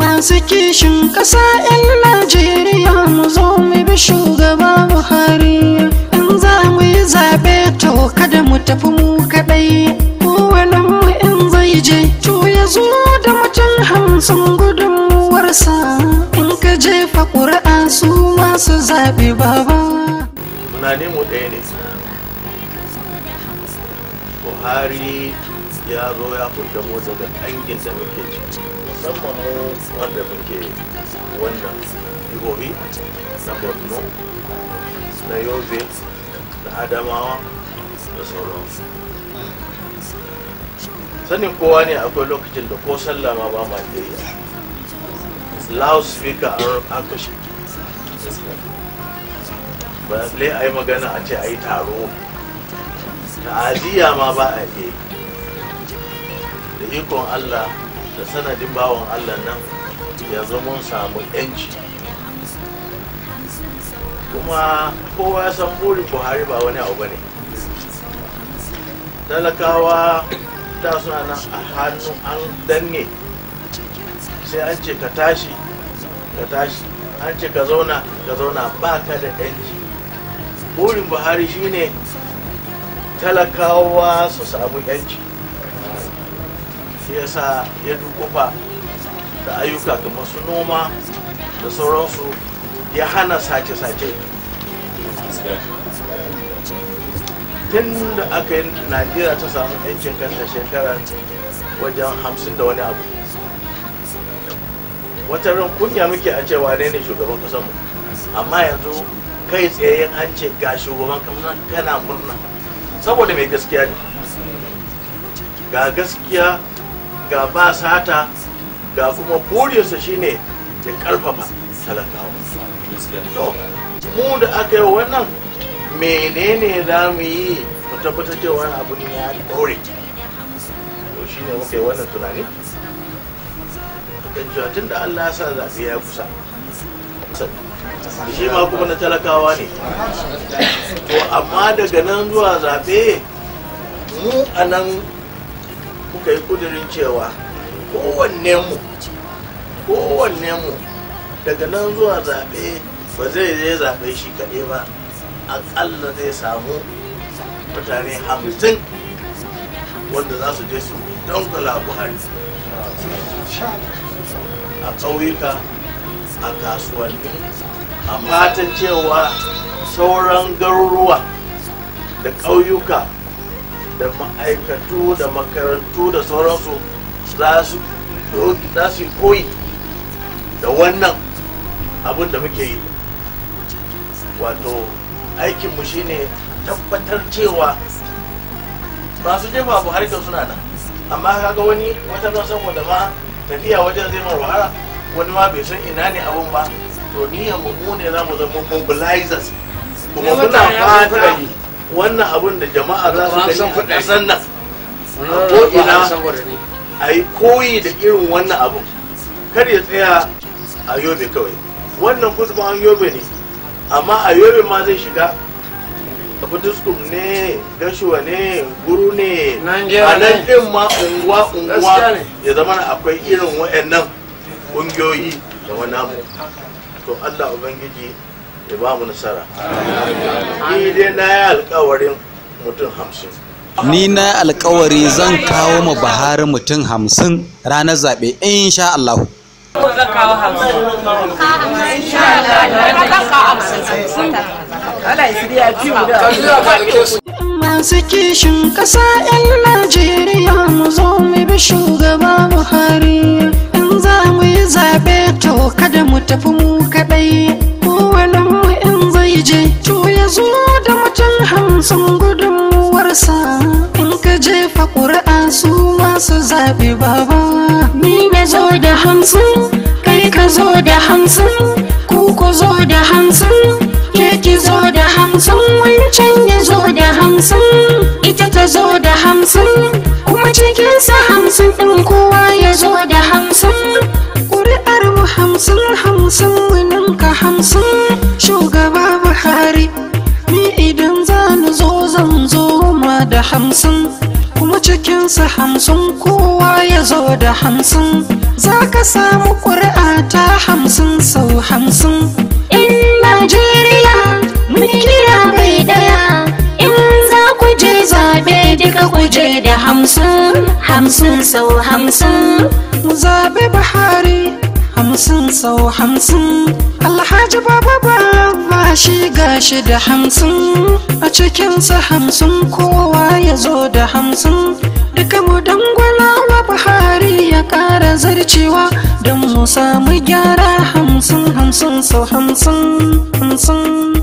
Masu kishin ƙasa 'yan Najeriya mu zo mu bi shugaba Buhari. In za mu yi zaɓe to kada mu tafi mu kaɗai. Kowannen mu in zai je to ya zo da mutum hamsin gudunmuwarsa. In ka jefa ƙuri'a su masu zaɓe baba. mu ɗaya ne Buhari ya zo ya furta motsa da angin da muke ci musamman mu wanda muke wannan ihobi na borno na yobe da adamawa da sauransu sanin kowa ne akwai lokacin da ko sallah ma ba ma ke yi loudspeaker an kashe ba lai a yi magana a ce a yi taro ta'aziyya ma ba a yi ikon allah da sanadin bawan allah nan ya zama samu yanci kuma kowa ya san burin buhari ba wani abu ne talakawa ta suna nan a hannu an danne sai an ce ka tashi ka tashi an ce ka zauna ka zauna ba ka da yanci burin buhari shine talakawa su samu yanci shi yasa ya dukufa da ayyuka kamar su noma da sauransu ya hana sace-sace tun da aka yi najeriya ta samu aikin kanta shekara wajen hamsin da wani abu wata ran kunya muke a cewa ne ne shugaban kasanmu amma yanzu kai tsaye an ce ga shugaban kasan kana murna saboda mai gaskiya ne ga gaskiya ga ba sata ga kuma burinsa shine ya karfafa talakawa mu da aka yi wannan menene za mu yi mu tabbatar cewa wani abu ne ya daure to shine muka wannan tunani da tun da Allah ya sa zaɓe ya kusa shi ma kuma na talakawa ne to amma daga nan zuwa zaɓe mu a nan kuka yi kudirin cewa kowanne mu kowanne mu daga nan zuwa zaɓe ba zai zai zaɓe shi kaɗai ba aƙalla zai samu mutane hamsin wanda za su je su dangala buhari a ƙauyuka a kasuwanni a fatan cewa sauran garuruwa da ƙauyuka da ma'aikatu da makarantu da sauransu za su yi koyi da wannan abin da muke yi wato aikinmu shine tabbatar cewa masu jefa abu harkar suna nan amma kaga wani wata don saboda ma tafiya wajen zai mara wahala wani ma bai san ina ne abun ba to ni mu ne za mu zama mobilizers kuma muna fata wannan abin da jama'a za su gani a ƙasar nan ko ina a yi koyi da irin wannan abu kar ya tsaya a yobe kawai wannan kusurwa an yobe ne amma a yobe ma zai shiga a fitiskum ne gashuwa ne guru ne a nan ɗin ma unguwa unguwa ya zama akwai irin wa'annan ƙungiyoyi da wani to allah ubangiji ya ba mu nasara ni dai na yi alkawarin mutum hamsin ni na alkawari zan kawo ma bahari mutum hamsin ranar zaɓe insha Allah masu kishin ƙasa 'yan najeriya mu zo mu bi shugaba buhari in za mu yi zaɓe to kada mu tafi mu sun warsa in ka jefa ƙuri'a su masu zaɓi baba ni na zo da hamsin kai ka zo da hamsin ku ku zo da hamsin keki zo da hamsin wancan ya zo da hamsin ita ta zo da hamsin kuma cikinsa hamsin ɗin kowa ya zo da hamsin ƙuri'ar mu hamsin hamsin mu ninka hamsin shugaba buhari da hamsin kuma cikinsu hamsin kowa ya zo da hamsin za ka samu ƙuri'a ta hamsin sau hamsin in najeriya kira bai daya in za ku je zaɓe duka ku je da hamsin hamsin sau hamsin zaɓe buhari hamsin sau hamsin alhaji baba ba shi gashi da hamsin a cikinsa hamsin kowa ya zo da hamsin duka mu dangwala wa buhari ya kara zarcewa don mu samu gyara hamsin hamsin sau hamsin hamsin